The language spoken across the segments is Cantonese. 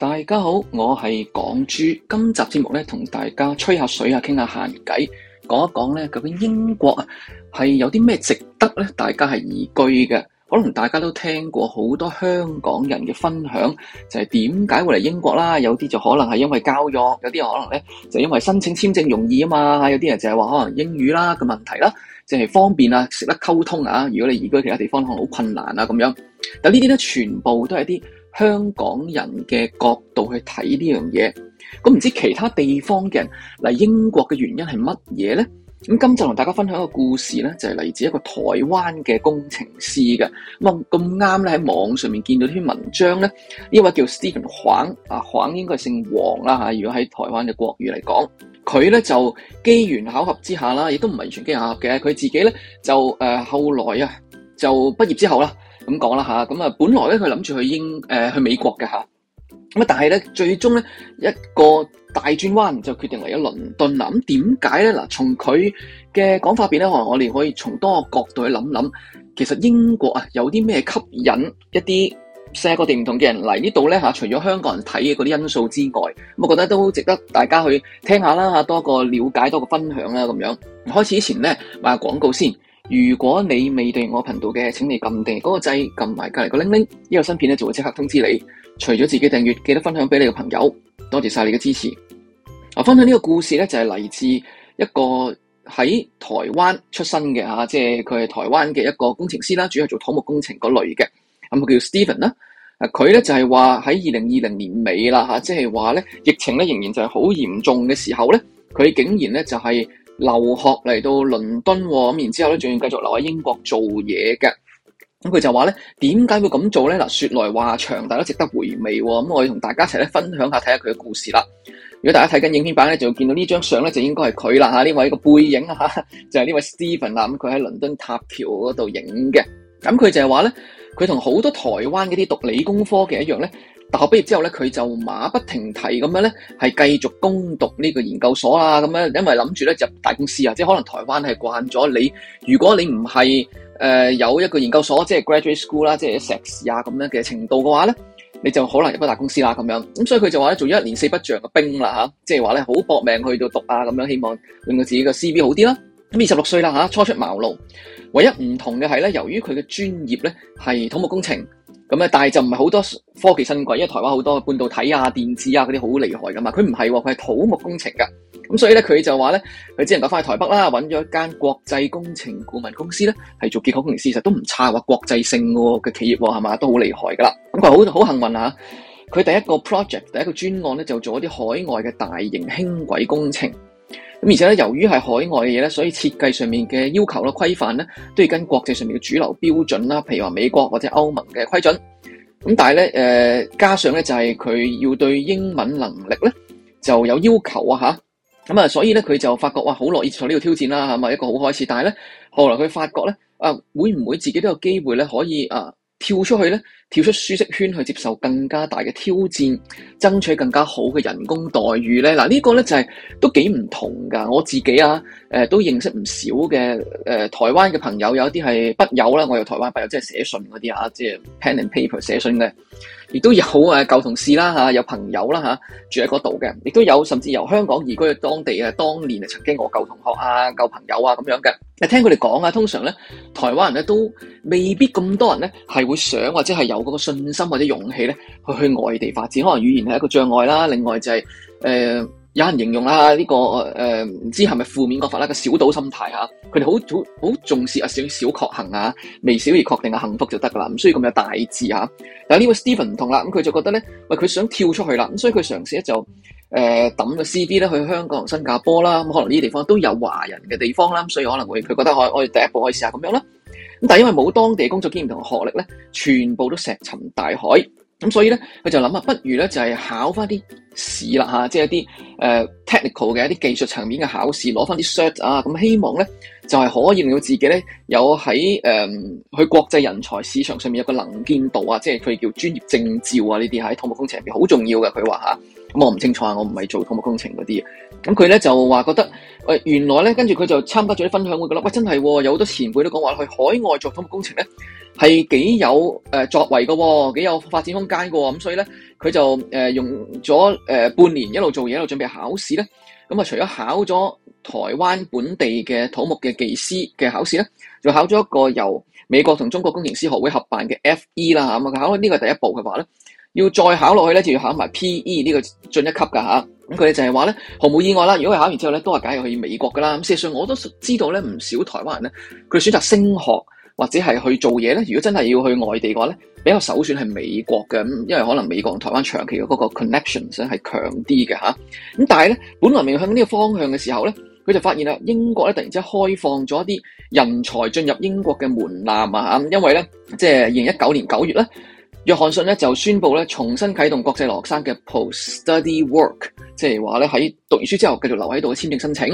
大家好，我係港豬。今集節目咧，同大家吹下水啊，傾下閒偈，講一講咧究竟英國啊係有啲咩值得咧？大家係移居嘅，可能大家都聽過好多香港人嘅分享，就係點解會嚟英國啦？有啲就可能係因為教育，有啲可能咧就因為申請簽證容易啊嘛。有啲人就係話可能英語啦嘅問題啦，即係方便啊，識得溝通啊。如果你移居其他地方，可能好困難啊咁樣。但呢啲咧，全部都係一啲。香港人嘅角度去睇呢樣嘢，咁唔知其他地方嘅人嚟英國嘅原因係乜嘢咧？咁今就同大家分享一個故事咧，就係、是、嚟自一個台灣嘅工程師嘅咁咁啱咧喺網上面見到篇文章咧，呢位叫 Stephen Huang 啊，黃應該係姓黃啦吓，如果喺台灣嘅國語嚟講，佢咧就機緣巧合之下啦，亦都唔係完全機巧合嘅，佢自己咧就誒、呃、後來啊就畢業之後啦。咁講啦吓，咁啊，本來咧佢諗住去英、呃、去美國嘅吓，咁啊，但係咧最終咧一個大轉彎就決定嚟咗倫敦啦。咁點解咧？嗱，從佢嘅講法入邊咧，可能我哋可以從多個角度去諗諗，其實英國啊有啲咩吸引一啲世界各地唔同嘅人嚟呢度咧吓，除咗香港人睇嘅嗰啲因素之外，咁我覺得都值得大家去聽下啦吓，多個了解，多個分享啦。咁樣。開始之前咧，賣下廣告先。如果你未訂閱我頻道嘅，請你撳定嗰個掣，撳埋隔籬個鈴鈴，呢個新片咧就會即刻通知你。除咗自己訂閱，記得分享俾你嘅朋友。多謝晒你嘅支持。啊，分享呢個故事咧就係嚟自一個喺台灣出身嘅啊，即係佢係台灣嘅一個工程師啦，主要係做土木工程嗰類嘅，咁佢叫 Steven 啦。啊，佢咧就係話喺二零二零年尾啦吓，即係話咧疫情咧仍然就係好嚴重嘅時候咧，佢竟然咧就係留學嚟到倫敦咁，然之後咧仲要繼續留喺英國做嘢嘅。咁佢就話咧，點解會咁做咧？嗱，說來話長，但係都值得回味。咁我哋同大家一齊咧分享下，睇下佢嘅故事啦。如果大家睇緊影片版咧，就見到呢張相咧，就應該係佢啦。吓，呢位個背影啊，就係呢位 Steven 啦。咁佢喺倫敦塔橋嗰度影嘅。咁佢就係話咧，佢同好多台灣嗰啲讀理工科嘅一樣咧。.大學畢業之後咧，佢就馬不停蹄咁樣咧，係繼續攻讀呢個研究所啦。咁樣，因為諗住咧入大公司啊，即係可能台灣係慣咗你，如果你唔係誒有一個研究所，即係 graduate school 啦，即係碩士啊咁樣嘅程度嘅話咧，你就好難入大公司啦。咁樣，咁所以佢就話咧做一年四不像嘅兵啦，吓，即係話咧好搏命去到讀啊，咁樣，希望令到自己嘅 CV 好啲啦。咁二十六歲啦，吓，初出茅廬，唯一唔同嘅係咧，由於佢嘅專業咧係土木工程。咁咧，但係就唔係好多科技新貴，因為台灣好多半導體啊、電子啊嗰啲好厲害噶嘛。佢唔係喎，佢係土木工程噶。咁所以咧，佢就話咧，佢只能夠翻去台北啦，揾咗一間國際工程顧問公司咧，係做結構工程師，其實都唔差喎，國際性嘅企業係嘛，都好厲害噶啦。咁佢好好幸運啊，佢第一個 project 第一個專案咧就做一啲海外嘅大型輕軌工程。咁而且咧，由於係海外嘅嘢咧，所以設計上面嘅要求啦、規範咧，都要跟國際上面嘅主流標準啦，譬如話美國或者歐盟嘅規準。咁但係咧，誒、呃、加上咧就係佢要對英文能力咧就有要求啊吓。咁啊，所以咧佢就發覺哇，好樂意從呢度挑戰啦，係咪一個好開始？但係咧後來佢發覺咧，啊會唔會自己都有機會咧可以啊跳出去咧？跳出舒適圈去接受更加大嘅挑戰，爭取更加好嘅人工待遇咧。嗱、這個、呢個咧就係、是、都幾唔同㗎。我自己啊，誒、呃、都認識唔少嘅誒、呃、台灣嘅朋友，有啲係筆友啦，我有台灣筆友，即係寫信嗰啲啊，即係 pen and paper 寫信嘅，亦都有啊舊同事啦吓、啊，有朋友啦吓、啊、住喺度嘅，亦都有甚至由香港移居去當地嘅，當年啊曾經我舊同學啊舊朋友啊咁樣嘅。誒、啊、聽佢哋講啊，通常咧台灣人咧都未必咁多人咧係會想或者係有。我嗰個信心或者勇氣咧，去去外地發展，可能語言係一個障礙啦。另外就係、是、誒、呃，有人形容啦呢、這個誒、唔、呃、知係咪負面講法啦，個小島心態吓、啊，佢哋好好好重視啊，小小確幸啊，微小而確定嘅、啊、幸福就得噶啦，唔需要咁有大志吓、啊。但係呢位 Steven 唔同啦，咁、嗯、佢就覺得咧，喂，佢想跳出去啦，咁所以佢嘗試咧就誒抌個 CV 咧去香港同新加坡啦，咁可能呢啲地方都有華人嘅地方啦，所以可能會佢覺得可可以第一步可以試下咁樣啦。咁但係因為冇當地嘅工作經驗同學歷咧，全部都石沉大海。咁所以咧，佢就諗啊，不如咧就係考翻啲試啦吓，即係一啲誒 technical 嘅一啲技術層面嘅考試，攞翻啲 cert 啊，咁希望咧就係可以令到自己咧有喺誒、呃、去國際人才市場上面有個能見度啊，即係佢叫專業證照啊呢啲喺土木工程入邊好重要嘅。佢話吓，咁我唔清楚啊，我唔係做土木工程嗰啲。咁佢咧就話覺得，原來咧跟住佢就參加咗啲分享會，會覺得喂，真係、哦，有好多前輩都講話去海外做土木工程咧，係幾有誒作為喎、哦，幾有發展空間喎、哦。咁所以咧，佢就用咗半年一路做嘢，一路準備考試咧。咁啊，除咗考咗台灣本地嘅土木嘅技師嘅考試咧，就考咗一個由美國同中國工程師學會合辦嘅 FE 啦嚇。咁、嗯、啊，考開呢個第一步，嘅話咧要再考落去咧，就要考埋 PE 呢個進一級噶嚇。咁佢哋就係話咧，毫無意外啦。如果佢考完之後咧，都係梗係去美國噶啦。咁事實上，我都知道咧，唔少台灣人咧，佢選擇升學或者係去做嘢咧。如果真係要去外地嘅話咧，比較首選係美國嘅。咁因為可能美國同台灣長期嘅嗰個 connection 咧係強啲嘅吓。咁但係咧，本來面向呢個方向嘅時候咧，佢就發現啦，英國咧突然之間開放咗一啲人才進入英國嘅門檻啊。因為咧，即係二零一九年九月咧。約翰遜咧就宣布咧重新啟動國際留學生嘅 post-study work，即係話咧喺讀完書之後繼續留喺度嘅簽證申請，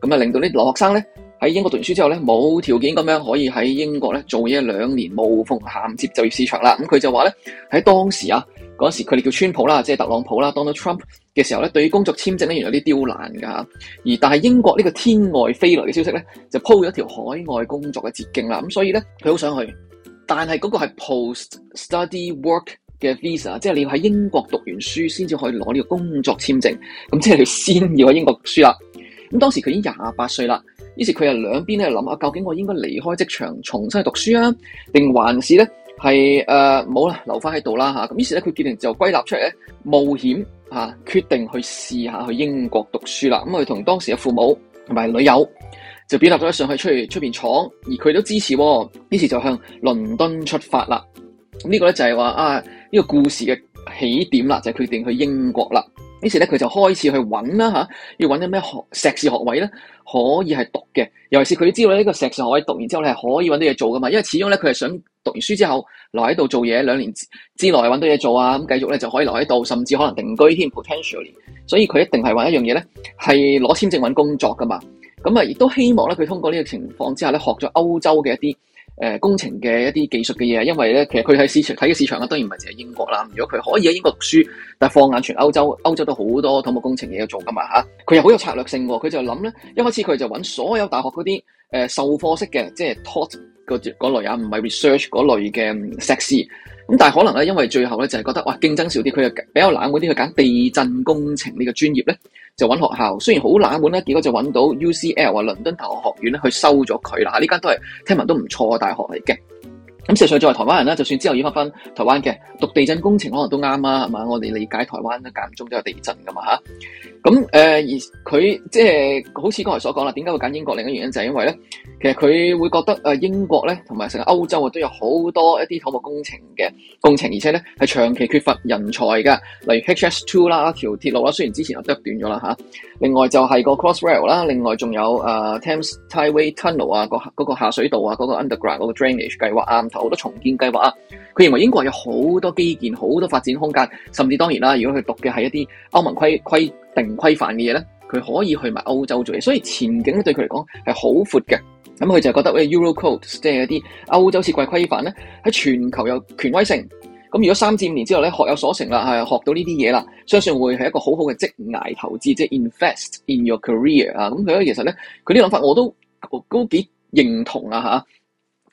咁啊令到啲留學生咧喺英國讀完書之後咧冇條件咁樣可以喺英國咧做嘢兩年無縫銜接就業市場啦。咁佢就話咧喺當時啊嗰時佢哋叫川普啦，即係特朗普啦 Donald Trump 嘅時候咧，對於工作簽證咧原來有啲刁難噶吓，而但係英國呢個天外飛來嘅消息咧就鋪咗一條海外工作嘅捷徑啦。咁所以咧佢好想去。但係嗰個係 post-study work 嘅 visa，即係你要喺英國讀完書先至可以攞呢個工作簽證。咁即係你先要喺英國讀書啦。咁當時佢已經廿八歲啦，於是佢啊兩邊咧諗啊，究竟我應該離開職場重新去讀書啊，定還是咧係誒冇啦，留翻喺度啦吓。咁於是咧佢決定就歸納出嚟咧冒險啊，決定去試下去英國讀書啦。咁佢同當時嘅父母同埋女友。就表達咗上去出面出邊闖，而佢都支持喎、哦，於是就向倫敦出發啦。呢個咧就係話啊，呢、呢個故事嘅起點啦，就係，決定去英國啦。於是咧佢就開始去揾啦吓，要揾啲咩學碩士學位咧可以係讀嘅。尤其是佢知道呢個碩士學位讀完之後咧係可以揾到嘢做噶嘛，因為始終咧佢係想讀完書之後留喺度做嘢，兩年之內揾到嘢做啊，咁、嗯、繼續咧就可以留喺度，甚至可能定居添。potentially，所以佢一定係揾一樣嘢咧係攞簽證揾工作噶嘛。咁啊，亦都希望咧，佢通過呢個情況之下咧，學咗歐洲嘅一啲誒工程嘅一啲技術嘅嘢，因為咧，其實佢喺市場睇嘅市場啊，當然唔係淨係英國啦，如果佢可以喺英國讀書，但係放眼全歐洲，歐洲都好多土木工程嘢要做噶嘛嚇，佢又好有策略性，佢就諗咧，一開始佢就揾所有大學嗰啲誒授課式嘅，即係 taught。個嗰類，也唔係 research 嗰類嘅碩士。咁但係可能咧，因為最後咧就係覺得哇，競爭少啲，佢又比較冷啲，佢揀地震工程呢個專業咧，就揾學校。雖然好冷門咧，結果就揾到 UCL 啊，倫敦大學學院咧去收咗佢嗱，呢間都係聽聞都唔錯嘅大學嚟嘅。咁事實上，作為台灣人呢，就算之後要翻翻台灣嘅讀地震工程，可能都啱啊，係嘛？我哋理解台灣間中都有地震噶嘛嚇。咁誒、呃、而佢即係好似剛才所講啦，點解會揀英國？另一原因就係因為咧。其實佢會覺得誒英國咧，同埋成個歐洲啊，都有好多一啲土木工程嘅工程，而且咧係長期缺乏人才㗎。例如 HS2 啦，條鐵路啦，雖然之前又拆斷咗啦嚇，另外就係個 Crossrail 啦，另外仲有 Thames Tideway Tunnel 啊，嗰、啊嗰個下水道啊，嗰、嗰個 Underground 嗰個 Drainage 計劃啊，好多重建計劃啊。佢認為英國有好多基建、好多發展空間，甚至當然啦，如果佢讀嘅係一啲歐盟規規定規範嘅嘢咧，佢可以去埋歐洲做嘢，所以前景對佢嚟講係好闊嘅。咁佢就覺得誒、e、Eurocodes，即係一啲歐洲設計規範咧，喺全球有權威性。咁如果三至五年之後咧，學有所成啦，係學到呢啲嘢啦，相信會係一個好好嘅職涯投資，即、就、係、是、invest in your career 啊！咁佢咧其實咧，佢啲諗法我都我都幾認同啊吓，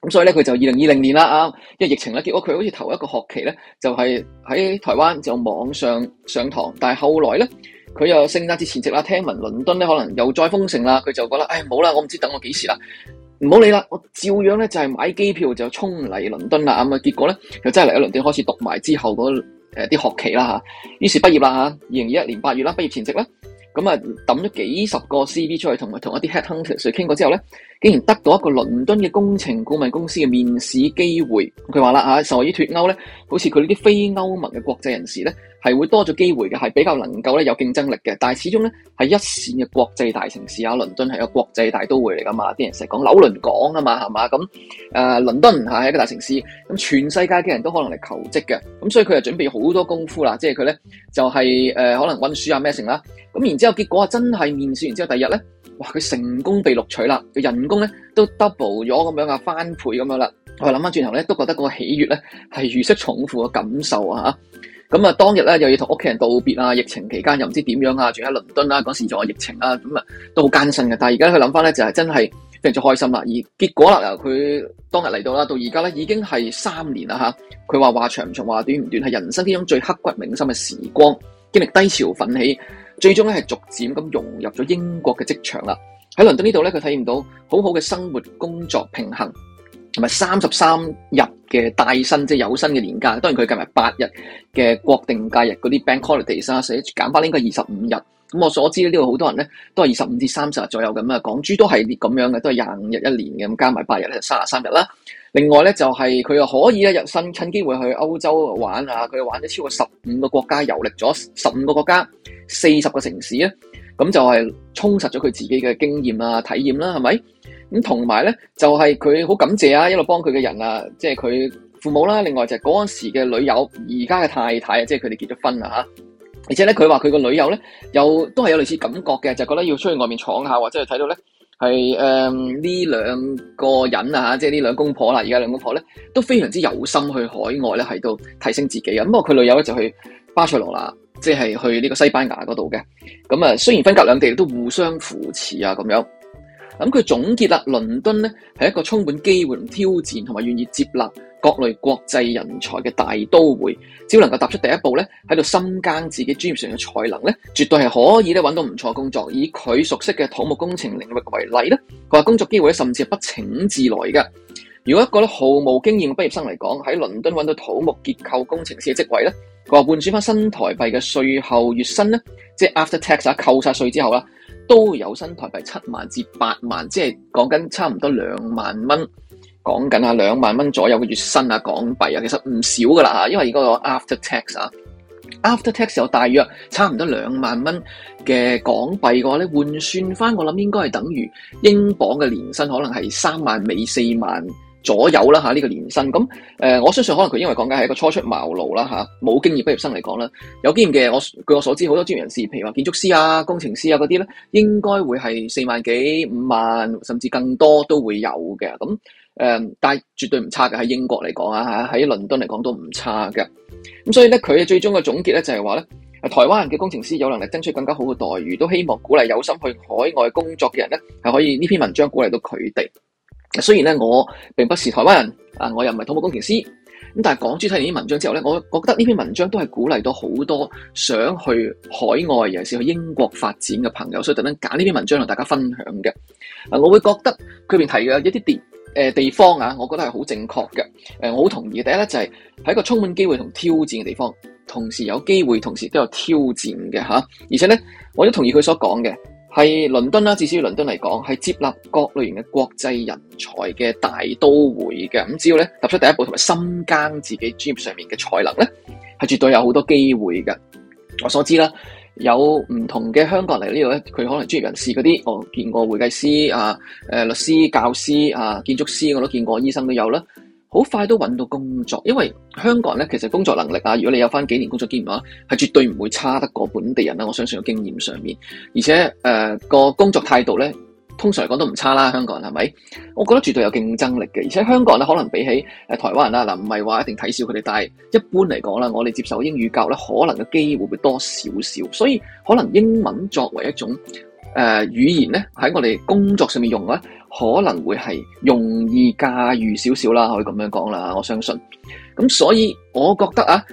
咁、啊、所以咧，佢就二零二零年啦啊，因為疫情咧，結果佢好似頭一個學期咧，就係、是、喺台灣就網上上堂，但係後來咧，佢又升誕節前夕啦，聽聞倫敦咧可能又再封城啦，佢就覺得，唉、哎，冇啦，我唔知等我幾時啦。唔好理啦，我照樣咧就係買機票就衝嚟倫敦啦，咁啊結果咧又真係嚟咗倫敦開始讀埋之後嗰啲學期啦嚇，於是畢業啦嚇，二零二一年八月啦畢業前夕呢，咁啊揼咗幾十個 CV 出去同佢同一啲 headhunters 傾過之後咧。竟然得到一個倫敦嘅工程顧問公司嘅面試機會，佢話啦嚇，受惠於脱歐咧，好似佢呢啲非歐盟嘅國際人士咧，係會多咗機會嘅，係比較能夠咧有競爭力嘅。但係始終咧係一線嘅國際大城市啊，倫敦係個國際大都會嚟噶嘛，啲人成日講紐倫港啊嘛，係嘛咁誒？啊，倫敦係一個大城市，咁全世界嘅人都可能嚟求職嘅，咁所以佢就準備好多功夫啦，即係佢咧就係、是、誒、呃、可能運輸啊咩成啦，咁然之後結果啊真係面試完之後，第二日咧。哇！佢成功被錄取啦，佢人工咧都 double 咗咁樣啊，翻倍咁樣啦。我諗翻轉頭咧，都覺得嗰個喜悅咧係如釋重負嘅感受啊！咁啊，當日咧又要同屋企人道別啊，疫情期間又唔知點樣啊，住喺倫敦啦，嗰時仲有疫情啊，咁啊都好艱辛嘅。但係而家佢諗翻咧，就係真係非常之開心啦。而結果啦，佢當日嚟到啦，到而家咧已經係三年啦嚇。佢話，話長唔長話短唔短，係人生之中最刻骨銘心嘅時光，經歷低潮奮起。最終咧係逐漸咁融入咗英國嘅職場啦，喺倫敦這裏呢度咧，佢體驗到很好好嘅生活工作平衡，同埋三十三日嘅帶薪即係有薪嘅年假。當然佢計埋八日嘅國定假日嗰啲 Bank Holidays 啊，所以減翻應該二十五日。咁我所知呢個好多人咧都係二十五至三十日左右咁啊。港豬都係咁樣嘅，都係廿五日一年嘅，咁加埋八日咧就三十三日啦。另外咧就係佢又可以咧日新趁機會去歐洲玩啊！佢又玩咗超過十五個國家，遊歷咗十五個國家、四十個城市啊！咁就係充實咗佢自己嘅經驗啊、體驗啦，係咪？咁同埋咧就係佢好感謝啊，一路幫佢嘅人啊，即係佢父母啦，另外就係嗰陣時嘅女友，而家嘅太太啊，即係佢哋結咗婚啦吓。而且咧佢話佢個女友咧又都係有類似感覺嘅，就係覺得要出去外面闖下，或者係睇到咧。係誒，呢、嗯、兩個人啊，即係、啊、呢兩公婆啦。而家兩公婆咧都非常之有心去海外咧，喺度提升自己啊。咁啊，佢女友咧就去巴塞羅那，即係去呢個西班牙嗰度嘅。咁啊，雖然分隔兩地，都互相扶持啊，咁樣。咁佢總結啦，倫敦咧係一個充滿機會同挑戰，同埋願意接納各類國際人才嘅大都會。只要能夠踏出第一步咧，喺度深耕自己專業上嘅才能咧，絕對係可以咧搵到唔錯嘅工作。以佢熟悉嘅土木工程領域為例咧，佢話工作機會咧甚至係不請自來㗎。如果一個咧毫無經驗嘅畢業生嚟講，喺倫敦搵到土木結構工程師嘅職位咧，佢話換算翻新台幣嘅稅後月薪咧，即係 after tax 啊，扣晒稅之後啦。都有新台幣七萬至八萬，即係講緊差唔多兩萬蚊。講緊啊，兩萬蚊左右嘅月薪啊，港幣啊，其實唔少噶啦嚇，因為個 after tax 啊，after tax 有大約差唔多兩萬蚊嘅港幣嘅話咧，換算翻我諗應該係等於英鎊嘅年薪可能係三萬尾四萬左右啦嚇，呢個年薪咁誒，我相信可能佢因為講緊係一個初出茅廬啦嚇，冇經驗畢業生嚟講啦。有經驗嘅我據我所知，好多專業人士，譬如話建築師啊、工程師啊嗰啲咧，應該會係四萬幾、五萬，甚至更多都會有嘅。咁誒、呃，但係絕對唔差嘅，喺英國嚟講啊嚇，喺倫敦嚟講都唔差嘅。咁所以咧，佢嘅最終嘅總結咧就係話咧，台灣人嘅工程師有能力爭取更加好嘅待遇，都希望鼓勵有心去海外工作嘅人咧係可以呢篇文章鼓勵到佢哋。雖然咧我並不是台灣人，啊我又唔係土木工程師，咁但係講書睇完呢篇文章之後咧，我覺得呢篇文章都係鼓勵到好多想去海外，尤其是去英國發展嘅朋友，所以特登揀呢篇文章同大家分享嘅。我會覺得佢邊提嘅一啲地誒、呃、地方啊，我覺得係好正確嘅。誒，我好同意。第一咧就係、是、喺個充滿機會同挑戰嘅地方，同時有機會，同時都有挑戰嘅吓。而且咧，我都同意佢所講嘅。係倫敦啦，至少於倫敦嚟講係接納各類型嘅國際人才嘅大都會嘅，咁只要咧踏出第一步，同埋深耕自己專業上面嘅才能咧，係絕對有好多機會嘅。我所知啦，有唔同嘅香港嚟呢度咧，佢可能專業人士嗰啲，我見過會計師啊、誒律師、教師啊、建築師我都見過，醫生都有啦。好快都揾到工作，因為香港人咧其實工作能力啊，如果你有翻幾年工作經驗嘅話，係絕對唔會差得過本地人啦。我相信嘅經驗上面，而且誒個、呃、工作態度咧，通常嚟講都唔差啦。香港人係咪？我覺得絕對有競爭力嘅，而且香港人咧可能比起誒台灣人啦，嗱唔係話一定睇小佢哋，但係一般嚟講啦，我哋接受英語教育咧，可能嘅機會會多少少，所以可能英文作為一種。誒、呃、語言咧喺我哋工作上面用咧，可能會係容易駕馭少少啦，可以咁樣講啦。我相信，咁所以我覺得啊，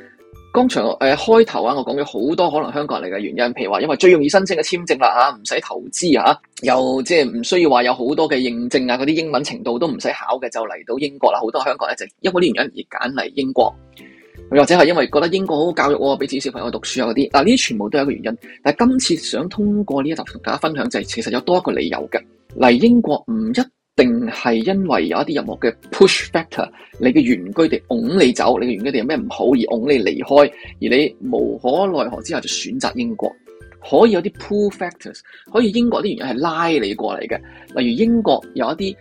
剛才誒、呃、開頭啊，我講咗好多可能香港人嚟嘅原因，譬如話因為最容易申請嘅簽證啦，唔使投資啊，又即係唔需要話有好多嘅認證啊，嗰啲英文程度都唔使考嘅，就嚟到英國啦。好多香港人就因為呢原因而揀嚟英國。或者係因為覺得英國好好教育，俾自己小朋友讀書啊嗰啲，嗱呢啲全部都有一個原因。但係今次想通過呢一集同大家分享就係、是，其實有多一個理由嘅。嚟英國唔一定係因為有一啲任何嘅 push factor，你嘅原居地拱你走，你嘅原居地有咩唔好而拱你離開，而你無可奈何之下就選擇英國。可以有啲 pull factors，可以英國啲原因係拉你過嚟嘅，例如英國有一啲。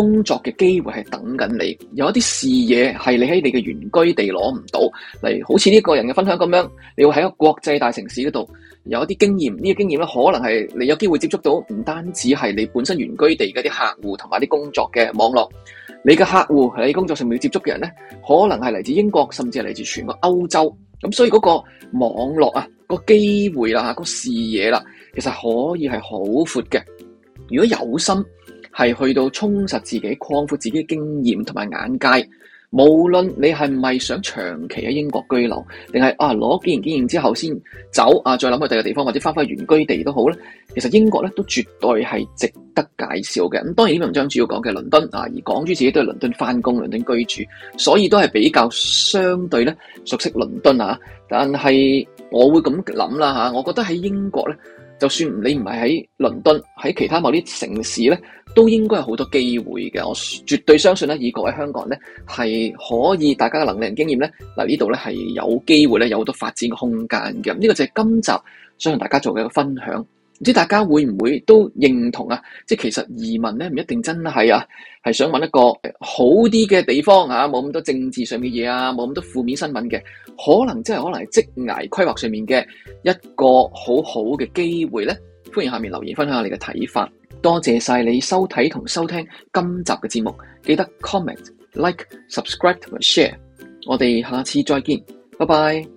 工作嘅機會係等緊你，有一啲視野係你喺你嘅原居地攞唔到，例如好似呢個人嘅分享咁樣，你會喺一個國際大城市嗰度有一啲經驗，呢個經驗咧可能係你有機會接觸到唔單止係你本身原居地嗰啲客戶同埋啲工作嘅網絡，你嘅客戶喺工作上面接觸嘅人咧，可能係嚟自英國，甚至係嚟自全個歐洲，咁所以嗰個網絡啊，個機會啦、啊，吓、個視野啦、啊，其實可以係好闊嘅，如果有心。係去到充實自己、擴闊自己嘅經驗同埋眼界。無論你係唔係想長期喺英國居留，定係啊攞經驗、經驗之後先走啊，再諗去第二個地方或者返返原居地都好咧。其實英國咧都絕對係值得介紹嘅。咁當然呢篇文章主要講嘅倫敦啊，而港豬自己都係倫敦翻工、倫敦居住，所以都係比較相對咧熟悉倫敦啊。但係我會咁諗啦嚇，我覺得喺英國咧，就算你唔係喺倫敦，喺其他某啲城市咧，都應該有好多機會嘅，我絕對相信咧，以各位香港人咧係可以，大家嘅能力、經驗咧，嗱呢度咧係有機會咧，有好多發展嘅空間嘅。咁呢個就係今集想同大家做嘅一個分享。唔知大家會唔會都認同啊？即係其實移民咧，唔一定真係啊，係想揾一個好啲嘅地方啊，冇咁多政治上嘅嘢啊，冇咁多負面新聞嘅，可能即係可能係職涯規劃上面嘅一個好好嘅機會咧。歡迎下面留言分享下你嘅睇法，多謝晒你收睇同收聽今集嘅節目，記得 comment、like、subscribe 同 share，我哋下次再見，拜拜。